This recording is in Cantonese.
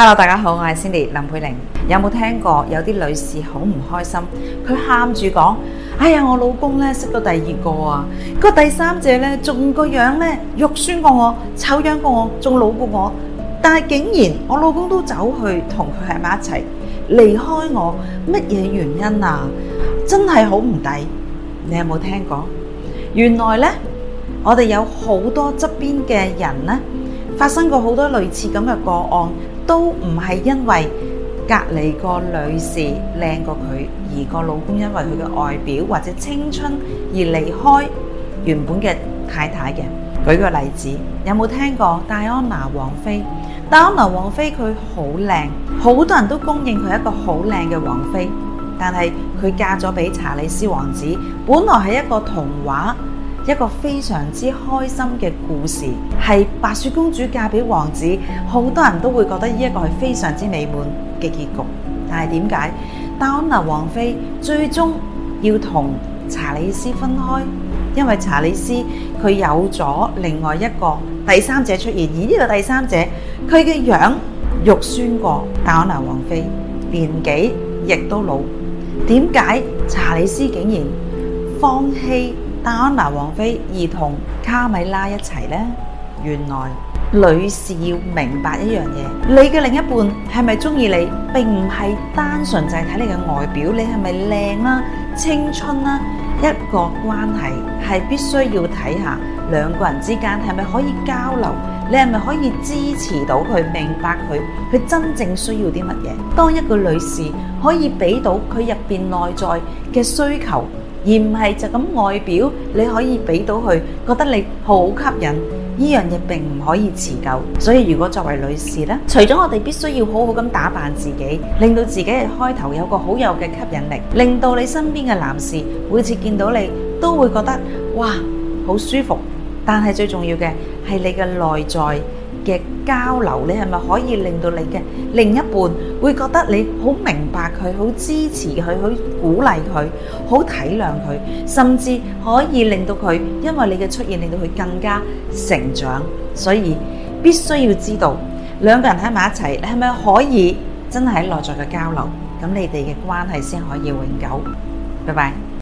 Hello，大家好，我係 Cindy 林佩玲。有冇聽過有啲女士好唔開心？佢喊住講：哎呀，我老公咧識到第二個啊，個第三者咧仲個樣咧肉酸過我，醜樣過我，仲老過我，但係竟然我老公都走去同佢喺埋一齊，離開我，乜嘢原因啊？真係好唔抵。你有冇聽過？原來咧，我哋有好多側邊嘅人咧，發生過好多類似咁嘅個案。都唔係因為隔籬個女士靚過佢，而個老公因為佢嘅外表或者青春而離開原本嘅太太嘅。舉個例子，有冇聽過戴安娜王妃？戴安娜王妃佢好靚，好多人都公認佢一個好靚嘅王妃，但係佢嫁咗俾查理斯王子，本來係一個童話。一個非常之開心嘅故事，係白雪公主嫁俾王子，好多人都會覺得呢一個係非常之美滿嘅結局。但係點解戴安娜王妃最終要同查理斯分開？因為查理斯佢有咗另外一個第三者出現，而呢個第三者佢嘅樣肉酸過戴安娜王妃，年紀亦都老。點解查理斯竟然放棄？戴安娜王妃而同卡米拉一齊呢？原來女士要明白一樣嘢，你嘅另一半係咪中意你並唔係單純就係睇你嘅外表，你係咪靚啦、青春啦、啊，一個關係係必須要睇下兩個人之間係咪可以交流，你係咪可以支持到佢，明白佢，佢真正需要啲乜嘢。當一個女士可以俾到佢入面內在嘅需求。而唔係就咁外表，你可以俾到佢，覺得你好吸引，呢樣嘢並唔可以持久。所以如果作為女士呢，除咗我哋必須要好好咁打扮自己，令到自己開頭有個好有嘅吸引力，令到你身邊嘅男士每次見到你都會覺得哇，好舒服。但係最重要嘅係你嘅內在。嘅交流，你係咪可以令到你嘅另一半會覺得你好明白佢，好支持佢，好鼓勵佢，好體諒佢，甚至可以令到佢，因為你嘅出現令到佢更加成長。所以必須要知道兩個人喺埋一齊，你係咪可以真係內在嘅交流，咁你哋嘅關係先可以永久。拜拜。